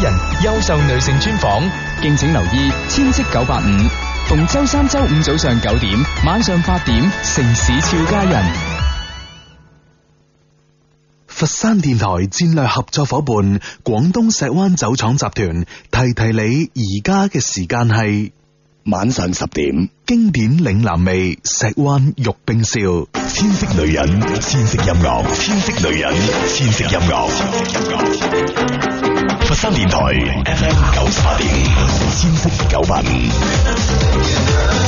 人優秀女性專訪，敬請留意千色九八五，逢周三、周五早上九點，晚上八點，城市俏佳人。佛山電台戰略合作夥伴廣東石灣酒廠集團，提提你而家嘅時間係。晚上十點，經典嶺南味，石灣玉冰燒，千色女人，千色音樂，千色女人，千色音樂，佛山電台 FM 九十八點，千色九八五。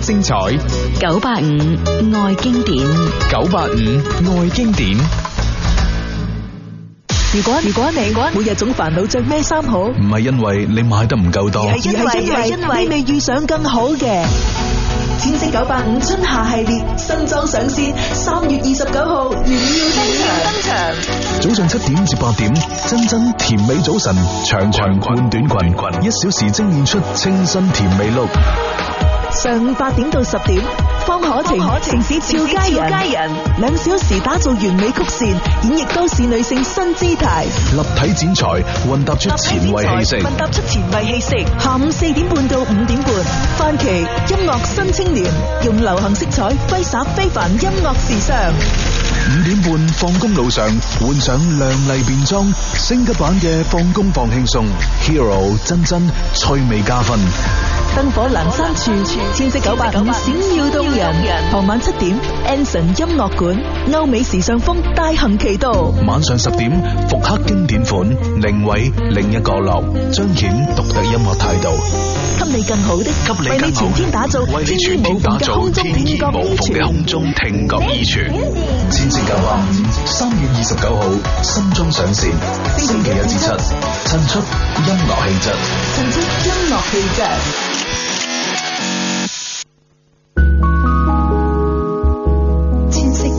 精彩九八五愛經典，九八五愛經典。如果如果你我每日總煩惱着咩衫好？唔係因為你買得唔夠多，而係因為你未遇上更好嘅。天色九八五春夏系列新裝上線，三月二十九號榮耀登場。早上七點至八點，真真甜美早晨，長長裙短裙裙，一小時蒸練出清新甜美 look。上午八點到十點，方可情方可情，城市俏佳人，兩小時打造完美曲線，演繹都市女性新姿態。立體剪裁，混搭出前衛氣息。混搭出前衛氣息。下午四點半到五點半，翻奇音樂新青年，用流行色彩揮灑非凡音樂時尚。五點半放工路上，換上亮麗便裝，升級版嘅放工放輕鬆，Hero 真真趣味加分。燈火闌珊處，千色九百五閃耀動人。傍晚七點，Anson 音樂館，歐美時尚風大行其道。晚上十點，復刻經典款，零位另一個樓，彰顯獨特音樂態度，給你更好的，給你全天打造，為你全天打造天衣無縫嘅空中聽覺衣櫥。千色九百五，三月二十九號新裝上線，星期一至七，襯出音樂氣質，襯出音樂氣質。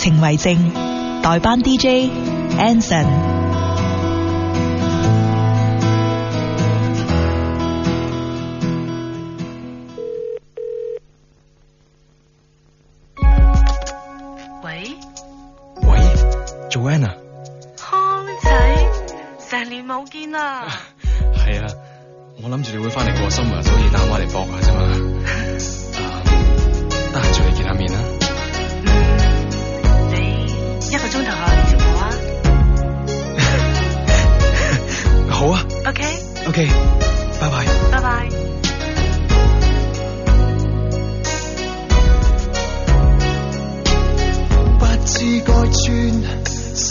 情為證，代班 DJ Anson。喂？喂？Joanna，啊、康仔，成年冇見啦。係啊，啊，我諗住你會翻嚟過心啊，所以打電話嚟搏下啫嘛。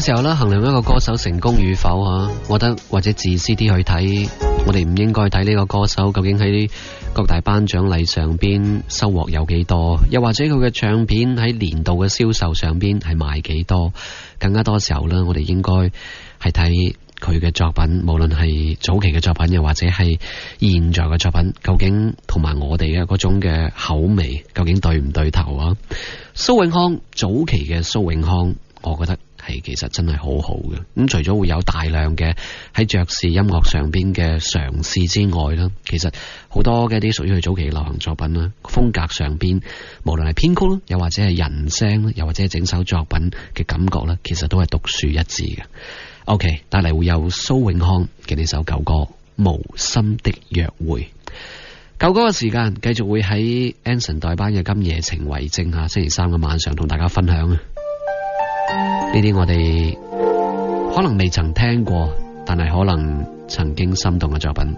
時候啦，衡量一個歌手成功與否吓，我覺得或者自私啲去睇，我哋唔應該睇呢個歌手究竟喺各大頒獎禮上邊收穫有幾多，又或者佢嘅唱片喺年度嘅銷售上邊係賣幾多。更加多時候咧，我哋應該係睇佢嘅作品，無論係早期嘅作品，又或者係現在嘅作品，究竟同埋我哋嘅嗰種嘅口味究竟對唔對頭啊？蘇永康早期嘅蘇永康，我覺得。係其實真係好好嘅，咁除咗會有大量嘅喺爵士音樂上邊嘅嘗試之外啦，其實好多嘅啲屬於佢早期流行作品啦，風格上邊無論係編曲，又或者係人聲，又或者整首作品嘅感覺，其實都係獨樹一幟嘅。OK，帶嚟會有蘇永康嘅呢首舊歌《無心的約會》。舊歌嘅時間繼續會喺 Anson 代班嘅今夜情為證啊，星期三嘅晚上同大家分享啊。呢啲我哋可能未曾聽過，但係可能曾經心動嘅作品。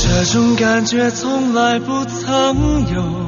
這種感覺從來不曾有。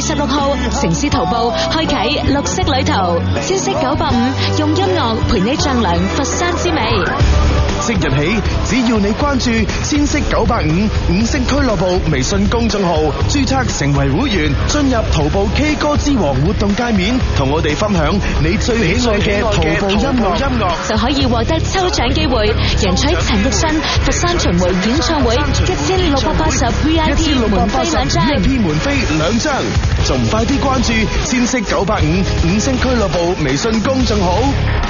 十六號城市徒步，開啟綠色旅途。消息九八五，用音樂陪你丈量佛山之美。即日起，只要你關注千色九百五五星俱樂部微信公眾號，注冊成為會員，進入淘寶 K 歌之王活動界面，同我哋分享你最喜愛嘅淘寶音樂音樂，就可以獲得抽獎機會，贏取陳奕迅佛山巡回演唱會一千六百八十 VIP 門飛兩張，仲快啲關注千色九百五五星俱樂部微信公眾號。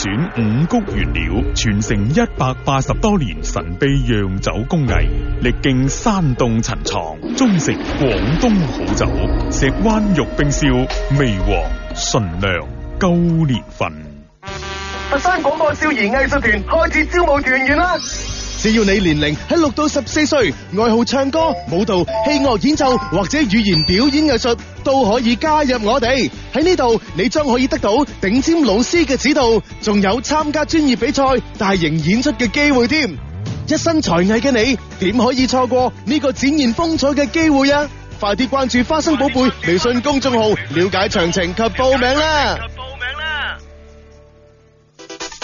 選五穀原料，傳承一百八十多年神秘釀酒工藝，歷經山洞陳藏，終成廣東好酒。石灣玉冰燒，味皇純糧高年份。佛山廣播少兒藝術團開始招募團員啦！只要你年齡喺六到十四歲，愛好唱歌、舞蹈、器樂演奏或者語言表演藝術，都可以加入我哋。喺呢度，你將可以得到頂尖老師嘅指導，仲有參加專業比賽、大型演出嘅機會添。一身才藝嘅你，點可以錯過呢個展現風采嘅機會啊！快啲關注花生寶貝微信公眾號，了解詳情及報名啦！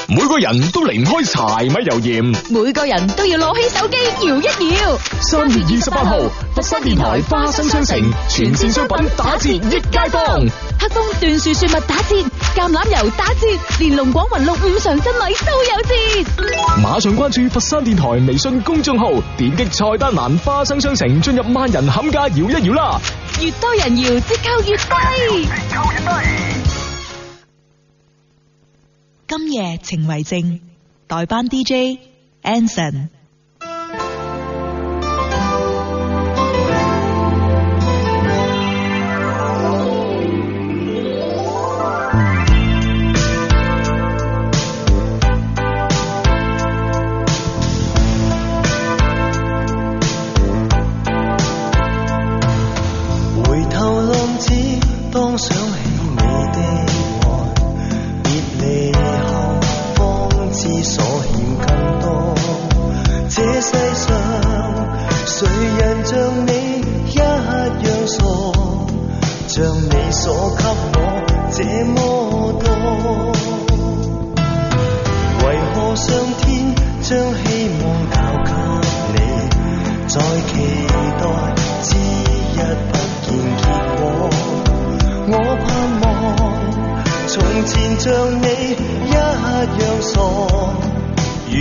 每個人都離唔開柴米油鹽，每個人都要攞起手機搖一搖。三月二十八號，佛山電台花生商城全綫商品打折，益街坊。黑蜂椴樹雪蜜打折，橄欖油打折，連龍廣雲露五常真米都有折。馬上關注佛山電台微信公眾號，點擊菜單欄花生商城，進入萬人砍價搖一搖啦！越多人搖，折扣越低。今夜情為證代班 DJ Anson。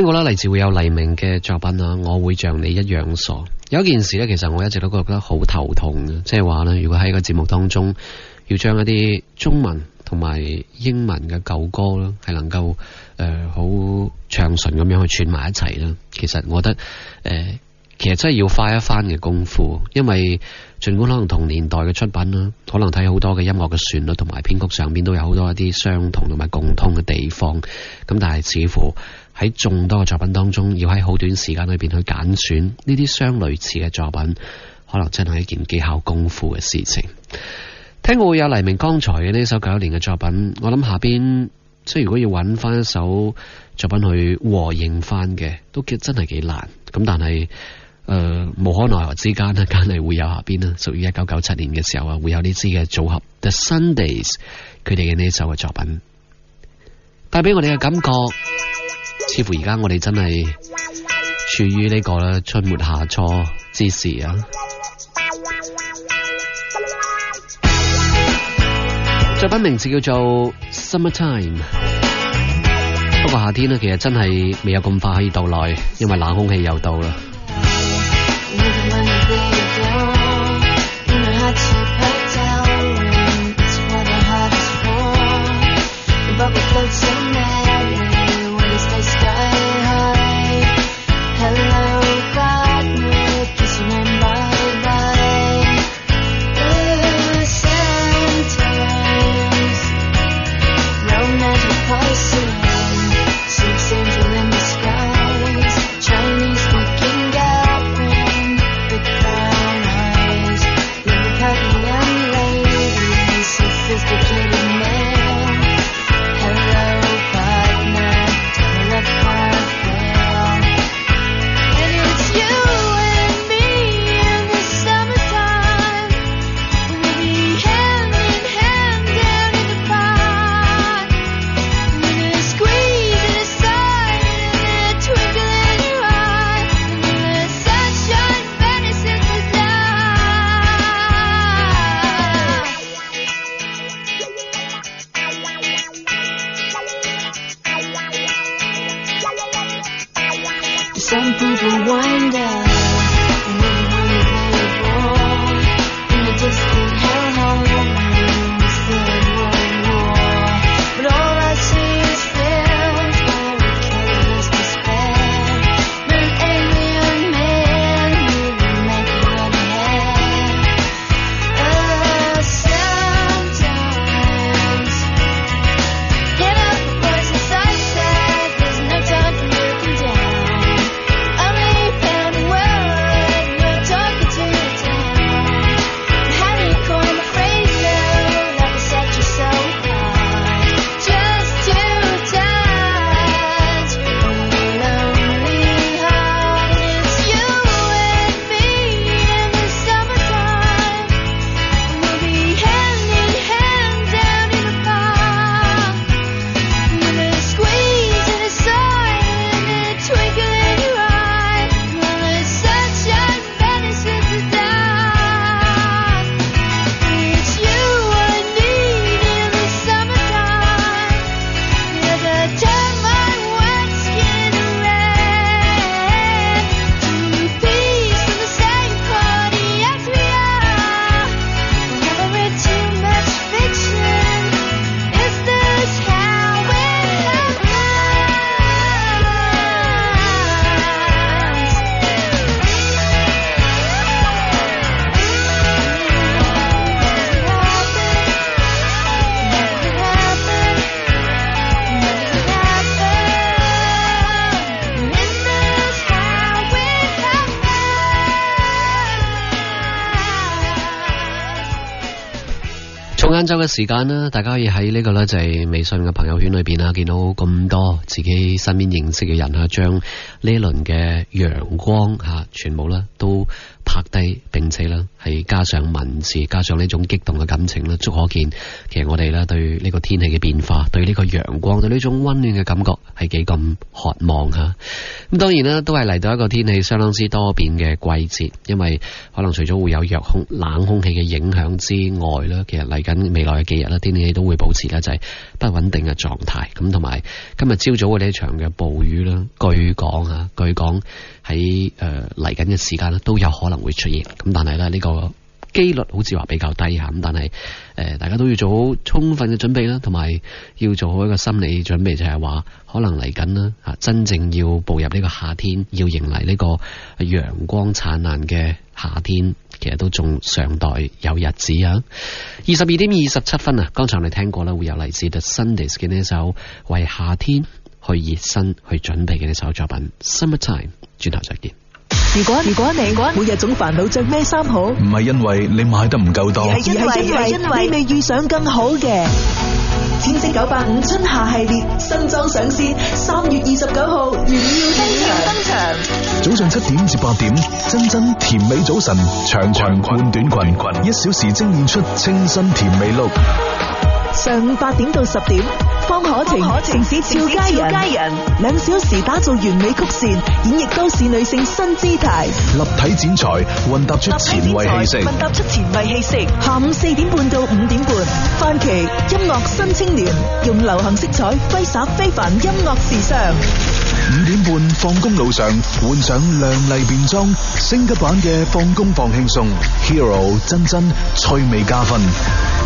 咁我咧嚟自會有黎明嘅作品啊。我會像你一樣傻。有一件事咧，其實我一直都覺得好頭痛嘅，即係話咧，如果喺個節目當中要將一啲中文同埋英文嘅舊歌咧，係能夠誒好暢順咁樣去串埋一齊咧，其實我覺得誒、呃，其實真係要花一番嘅功夫，因為儘管可能同年代嘅出品啦，可能睇好多嘅音樂嘅旋律同埋編曲上邊都有好多一啲相同同埋共通嘅地方，咁但係似乎。喺眾多嘅作品當中，要喺好短時間裏邊去揀選呢啲相類似嘅作品，可能真係一件技巧功夫嘅事情。聽過會有黎明剛才嘅呢首九一年嘅作品，我諗下邊，即係如果要揾翻一首作品去和應翻嘅，都真係幾難。咁但係，誒、呃，無可奈何之間咧，梗係會有下邊啦，屬於一九九七年嘅時候啊，會有呢支嘅組合 The Sundays 佢哋嘅呢一首嘅作品，帶俾我哋嘅感覺。似乎而家我哋真係處於呢個啦，春末夏初之時啊，作品名字叫做 Summertime。不過夏天呢，其實真係未有咁快可以到來，因為冷空氣又到啦。周嘅時間啦，大家可以喺呢個咧，就係微信嘅朋友圈裏邊啦，見到咁多自己身邊認識嘅人啊，將呢一輪嘅陽光吓，全部咧都。拍低，並且啦，係加上文字，加上呢種激動嘅感情啦，足可見，其實我哋啦對呢個天氣嘅變化，對呢個陽光對呢種溫暖嘅感覺係幾咁渴望吓。咁當然啦，都係嚟到一個天氣相當之多變嘅季節，因為可能除咗會有弱空冷空氣嘅影響之外咧，其實嚟緊未來嘅幾日咧，天氣都會保持咧就係不穩定嘅狀態。咁同埋今日朝早嘅呢一場嘅暴雨啦，據講啊據講喺誒嚟緊嘅時間咧都有可能。會出現咁，但係咧呢個機率好似話比較低下，咁但係誒，大家都要做好充分嘅準備啦，同埋要做好一個心理準備，就係話可能嚟緊啦吓，真正要步入呢個夏天，要迎嚟呢個陽光燦爛嘅夏天，其實都仲尚待有日子啊！二十二點二十七分啊，剛才我哋聽過咧，會有嚟自 The Sundays 嘅呢一首為夏天去熱身去準備嘅呢首作品《Summer Time》，轉頭再見。如果如果你我每日總煩惱着咩衫好，唔係因為你買得唔夠多，而係因為因為，因為，因為你未遇上更好嘅。千色九八五春夏系列新裝上線，三月二十九號原耀驚艷登場。登場早上七點至八點，真真甜美早晨，長長裙短裙裙，一小時精煉出清新甜美 look。上午八點到十點，方可情方可情城市俏佳人，兩小時打造完美曲線，演繹都市女性新姿態。立體剪裁，混搭出前衛氣息。混搭出前衛氣息。下午四點半到五點半，番茄音樂新青年，用流行色彩揮灑非凡音樂時尚。五點半放工路上，換上亮麗便裝，升級版嘅放工放輕鬆，Hero 真真趣味加分。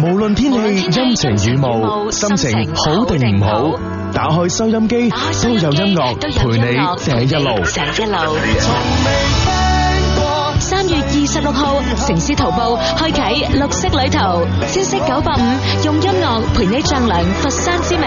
無論天氣陰晴雨霧，心情好定唔好，打開收音機都有音樂陪你這一路。三月二十六號，城市徒步開啟綠色旅途，千色九百五，用音樂陪你丈量佛山之美。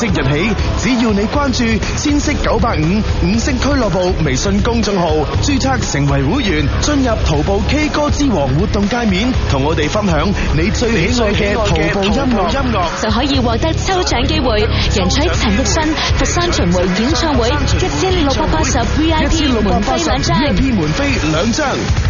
即日起，只要你關注千色九百五五色俱樂部微信公眾號，註冊成為會員，進入徒步 K 歌之王活動界面，同我哋分享你最喜愛嘅徒步音樂，寶音樂樂就可以獲得抽獎機會，贏取陳奕迅佛山巡迴演唱會一千六百八,八十 VIP 門飛兩張兩張。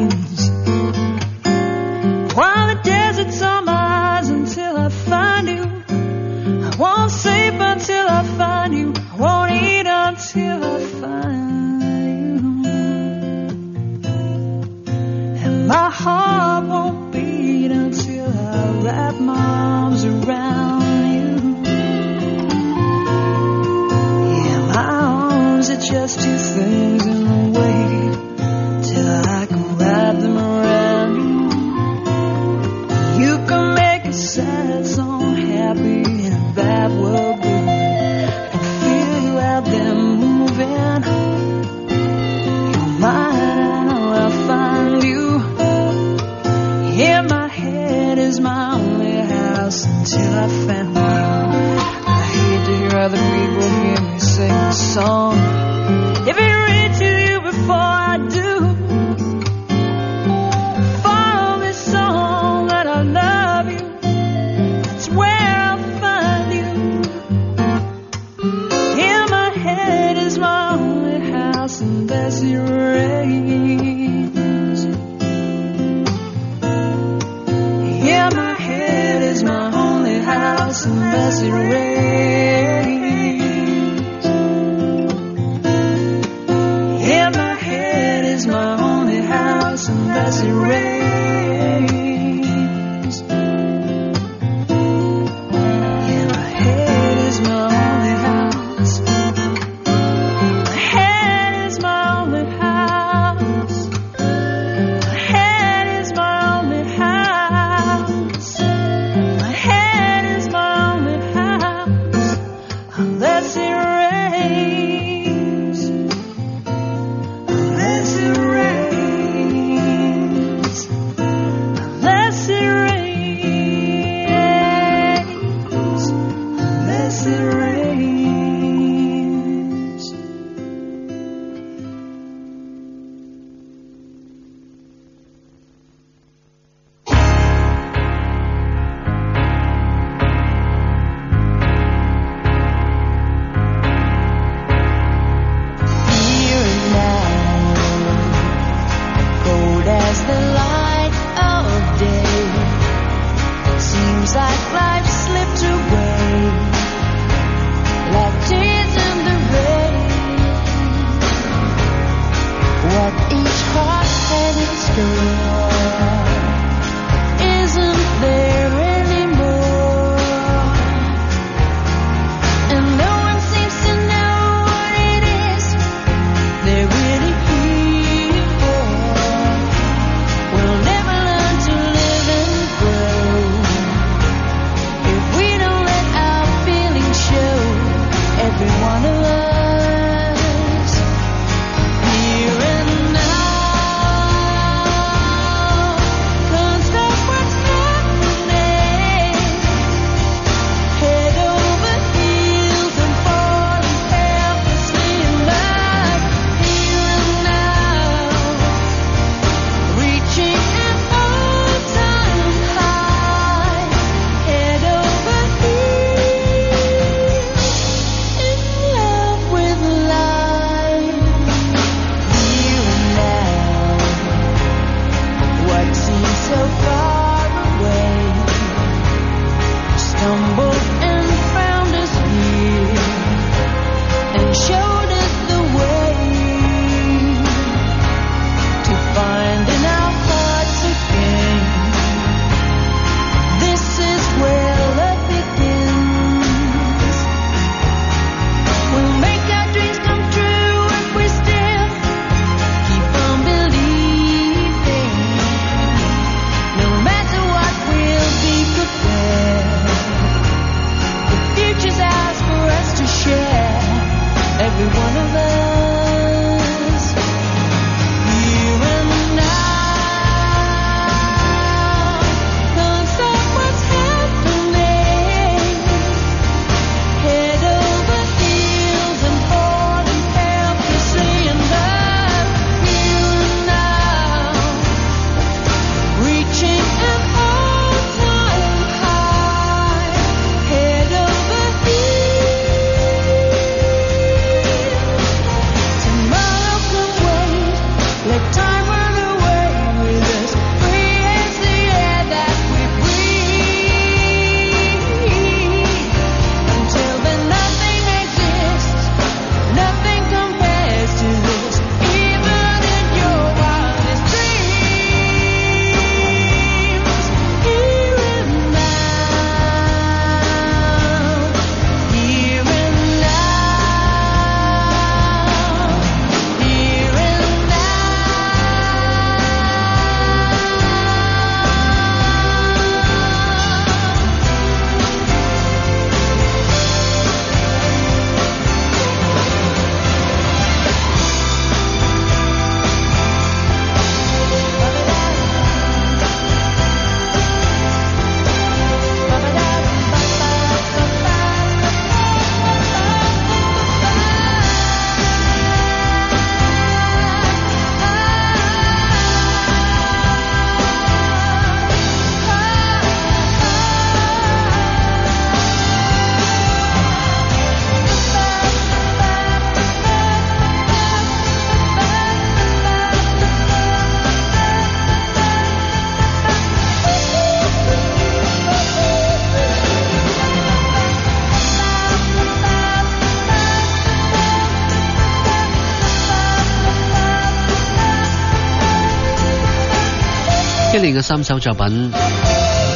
三首作品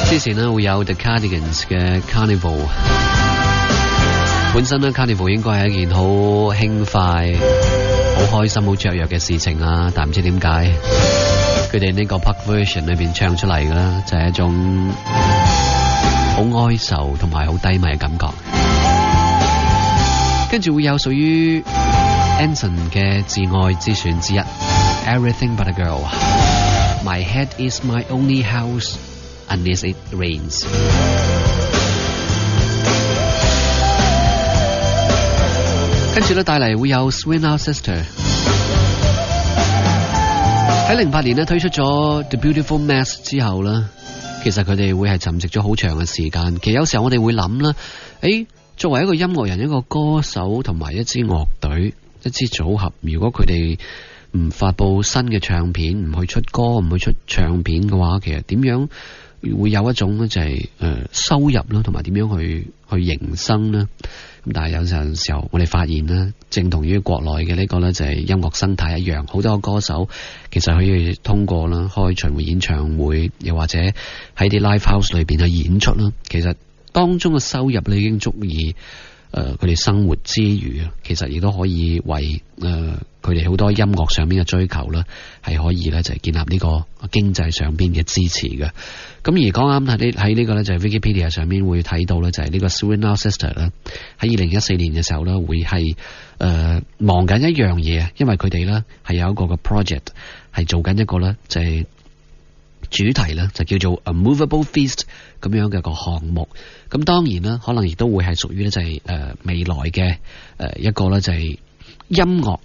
之前呢，會有 The Cardigans 嘅 Carnival，本身呢 Carnival 應該係一件好輕快、好開心、好雀躍嘅事情啊，但唔知點解佢哋呢個 Puck Version 裏面唱出嚟啦，就係一種好哀愁同埋好低迷嘅感覺。跟住會有屬於 Anson 嘅《至愛之選》之一《Everything But A Girl》。My head is my only house, unless it rains。 跟住咧，帶嚟會有 Swing Out Sister。喺零八年呢，推出咗 The Beautiful Mess 之後呢，其實佢哋會係沉寂咗好長嘅時間。其實有時候我哋會諗啦，誒、欸，作為一個音樂人，一個歌手同埋一支樂隊、一支組合，如果佢哋唔發布新嘅唱片，唔去出歌，唔去出唱片嘅話，其實點樣會有一種呢？就係誒收入啦，同埋點樣去去營生呢？咁但係有陣時候我哋發現呢，正同於國內嘅呢個呢，就係音樂生態一樣，好多個歌手其實可以通過啦開巡回演唱會，又或者喺啲 live house 裏邊去演出啦。其實當中嘅收入你已經足以。誒，佢哋、呃、生活之餘啊，其實亦都可以為誒佢哋好多音樂上面嘅追求啦，係可以咧就係建立呢個經濟上邊嘅支持嘅。咁而啱啱喺呢喺呢個咧、這個、就係 Wikipedia 上邊會睇到咧就係、是、呢個 Sweat Sisters 咧喺二零一四年嘅時候咧會係誒、呃、忙緊一樣嘢啊，因為佢哋咧係有一個嘅 project 係做緊一個咧就係、是。主題咧就叫做 A Moveable Feast 咁樣嘅一個項目，咁當然啦，可能亦都會係屬於咧就係誒未來嘅誒一個咧就係音樂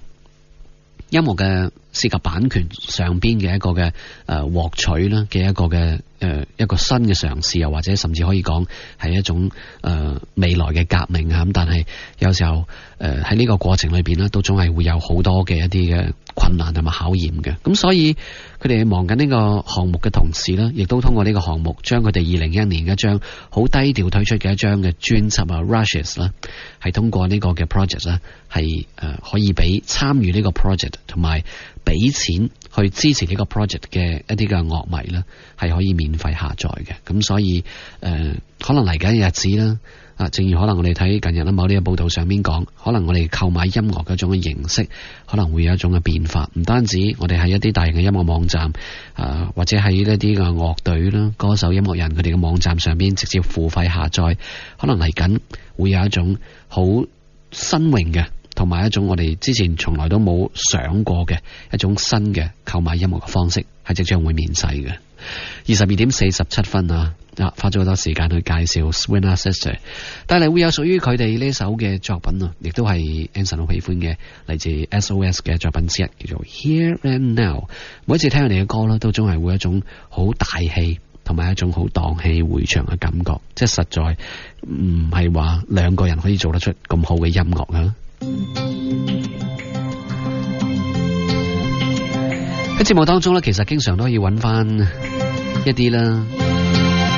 音樂嘅涉及版權上邊嘅一個嘅誒獲取啦，嘅一個嘅誒一個新嘅嘗試，又或者甚至可以講係一種誒未來嘅革命嚇咁。但係有時候誒喺呢個過程裏邊咧，都總係會有好多嘅一啲嘅困難同埋考驗嘅，咁所以。佢哋忙緊呢個項目嘅同時咧，亦都通過呢個項目將佢哋二零一年一張好低調推出嘅一張嘅專輯啊，Rushes 啦，係通過呢個嘅 project 咧，係誒可以俾參與呢個 project 同埋俾錢去支持呢個 project 嘅一啲嘅樂迷咧，係可以免費下載嘅。咁所以誒、呃，可能嚟緊嘅日子咧。正如可能我哋睇近日咧，某啲嘅報道上面講，可能我哋購買音樂嗰種嘅形式可能會有一種嘅變化，唔單止我哋喺一啲大型嘅音樂網站啊，或者喺一啲嘅樂隊啦、歌手、音樂人佢哋嘅網站上邊直接付費下載，可能嚟緊會有一種好新穎嘅，同埋一種我哋之前從來都冇想過嘅一種新嘅購買音樂嘅方式，係即將會面世嘅。二十二點四十七分啊！啊、花咗好多時間去介紹 Swing Out Sister，但係會有屬於佢哋呢首嘅作品啊，亦都係 Anson 好喜歡嘅，嚟自 S O S 嘅作品之一，叫做 Here and Now。每一次聽佢哋嘅歌咧，都總係會一種好大氣，同埋一種好蕩氣迴腸嘅感覺，即係實在唔係話兩個人可以做得出咁好嘅音樂啊！喺節目當中咧，其實經常都可以揾翻一啲啦。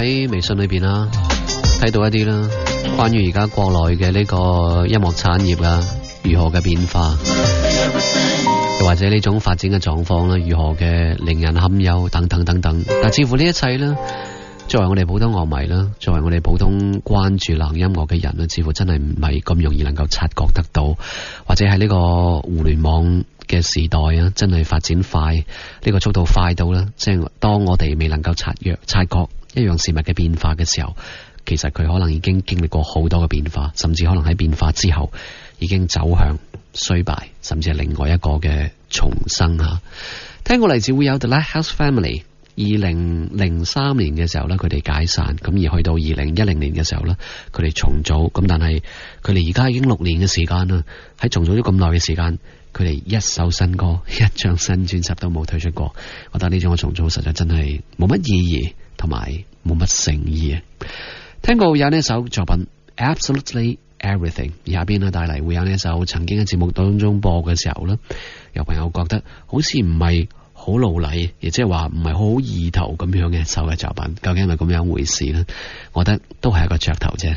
喺微信裏邊啦，睇到一啲啦，關於而家國內嘅呢個音樂產業啊，如何嘅變化，又或者呢種發展嘅狀況啦，如何嘅令人堪憂，等等等等。但似乎呢一切咧，作為我哋普通樂迷啦，作為我哋普通關注冷音樂嘅人咧，似乎真係唔係咁容易能夠察覺得到，或者喺呢個互聯網嘅時代啊，真係發展快，呢個速度快到啦，即係當我哋未能夠察覺、察覺。一樣事物嘅變化嘅時候，其實佢可能已經經歷過好多嘅變化，甚至可能喺變化之後已經走向衰敗，甚至係另外一個嘅重生吓。聽個例子會有 The Lighthouse Family，二零零三年嘅時候咧，佢哋解散，咁而去到二零一零年嘅時候咧，佢哋重組。咁但係佢哋而家已經六年嘅時間啦，喺重組咗咁耐嘅時間。佢哋一首新歌、一張新專輯都冇推出過，我覺得呢種嘅重組實在真係冇乜意義，同埋冇乜誠意啊！聽過有呢首作品《Absolutely Everything》，而下邊啊帶嚟會有呢首曾經喺節目當中播嘅時候呢，有朋友覺得好似唔係好老利，亦即係話唔係好意頭咁樣嘅首嘅作品，究竟係咪咁樣回事？我覺得都係一個噱頭啫，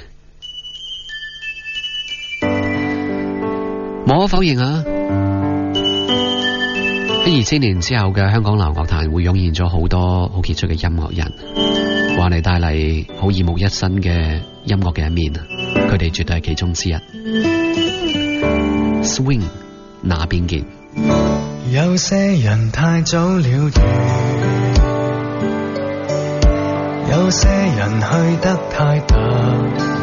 冇可否認啊！喺二千年之後嘅香港流行樂壇，會湧現咗好多好傑出嘅音樂人，話你帶嚟好耳目一新嘅音樂嘅一面。佢哋絕對係其中之一。Swing 哪邊見？有些人太早了斷，有些人去得太多。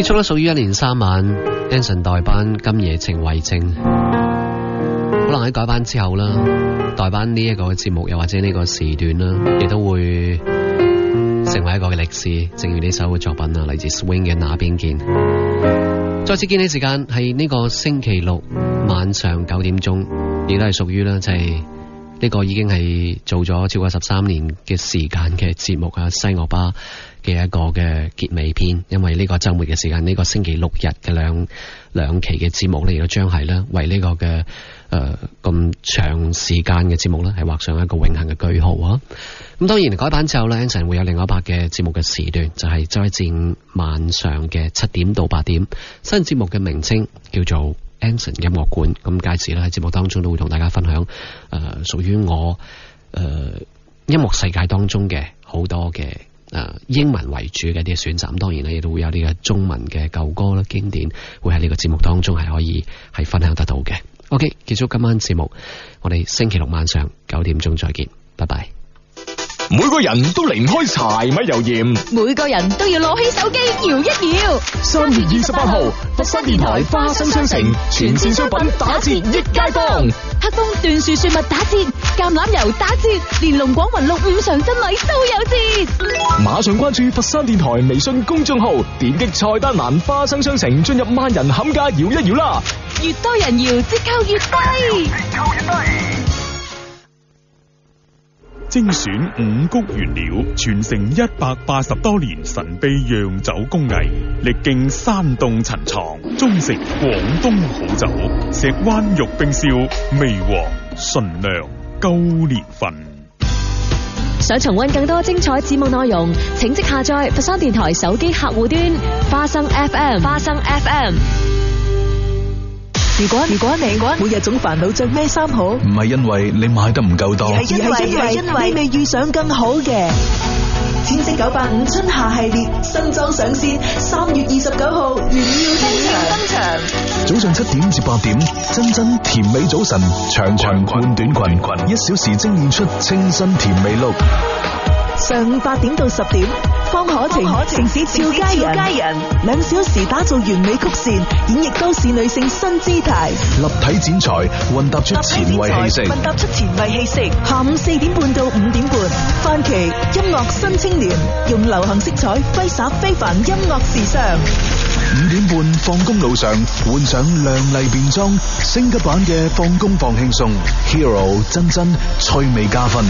結束咧屬於一年三晚，Anson 代班今夜情為證，可能喺改班之後啦，代班呢一個節目又或者呢個時段啦，亦都會成為一個嘅歷史，正如呢首嘅作品啊，嚟自 Swing 嘅那邊見，再次見你時間係呢個星期六晚上九點鐘，亦都係屬於啦，就係、是。呢個已經係做咗超過十三年嘅時間嘅節目啊，西樂巴嘅一個嘅結尾篇，因為呢個周末嘅時間，呢、這個星期六日嘅兩兩期嘅節目呢，亦都將係咧為呢個嘅誒咁長時間嘅節目咧，係畫上一個永恆嘅句號啊！咁、嗯、當然改版之後咧 Anson 會有另外一拍嘅節目嘅時段，就係再戰晚上嘅七點到八點，新節目嘅名稱叫做。Anson 音樂館，咁，介時咧，喺節目當中都會同大家分享誒，屬於我誒、呃、音樂世界當中嘅好多嘅誒、呃、英文為主嘅啲選擇，當然呢亦都會有呢個中文嘅舊歌啦，經典會喺呢個節目當中係可以係分享得到嘅。OK，結束今晚節目，我哋星期六晚上九點鐘再見，拜拜。每個人都離唔開柴米油鹽，每個人都要攞起手機搖一搖。三月二十八號，佛山電台花生商城全線商品打折，益街坊，黑蜂椴樹雪蜜打折，橄欖油打折，連龍廣雲六五常真米都有折。馬上關注佛山電台微信公眾號，點擊菜單欄花生商城，進入萬人砍價搖一搖啦，越多人搖折扣越低。越精選五穀原料，傳承一百八十多年神秘釀酒工藝，歷經山洞陳藏，終成廣東好酒。石灣玉冰燒，味黃純糧高年份。想重溫更多精彩節目內容，請即下載佛山電台手機客戶端，花生 FM，花生 FM。如果如果你每日總煩惱着咩衫好，唔係因為你買得唔夠多，而係因為你未遇上更好嘅。天色九八五春夏系列新裝上線，三月二十九號，榮耀登場。早上七點至八點，真真甜美早晨，長長裙短裙裙，一小時精煉出清新甜美 look。上午八點到十點，方可情方可情城市俏佳人，兩小時打造完美曲線，演繹都市女性新姿態。立體剪裁，混搭出前衛氣息。混搭出前衛氣息。下午四點半到五點半，番茄音樂新青年，用流行色彩揮灑非凡音樂時尚。五點半放工路上，換上亮麗便裝，升級版嘅放工放輕鬆，Hero 真真趣味加分。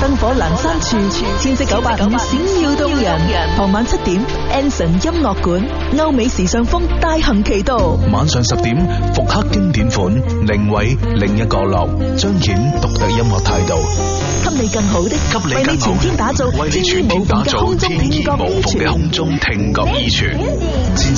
燈火闌珊處，千色九百五閃耀動人。傍晚七點，Anson 音樂館，歐美時尚風大行其道。晚上十點，復刻經典款，另位另一個樓，彰顯獨特音樂態度。給你更好的，給你全天打造，為你全天打造天衣無縫嘅空中聽覺耳傳。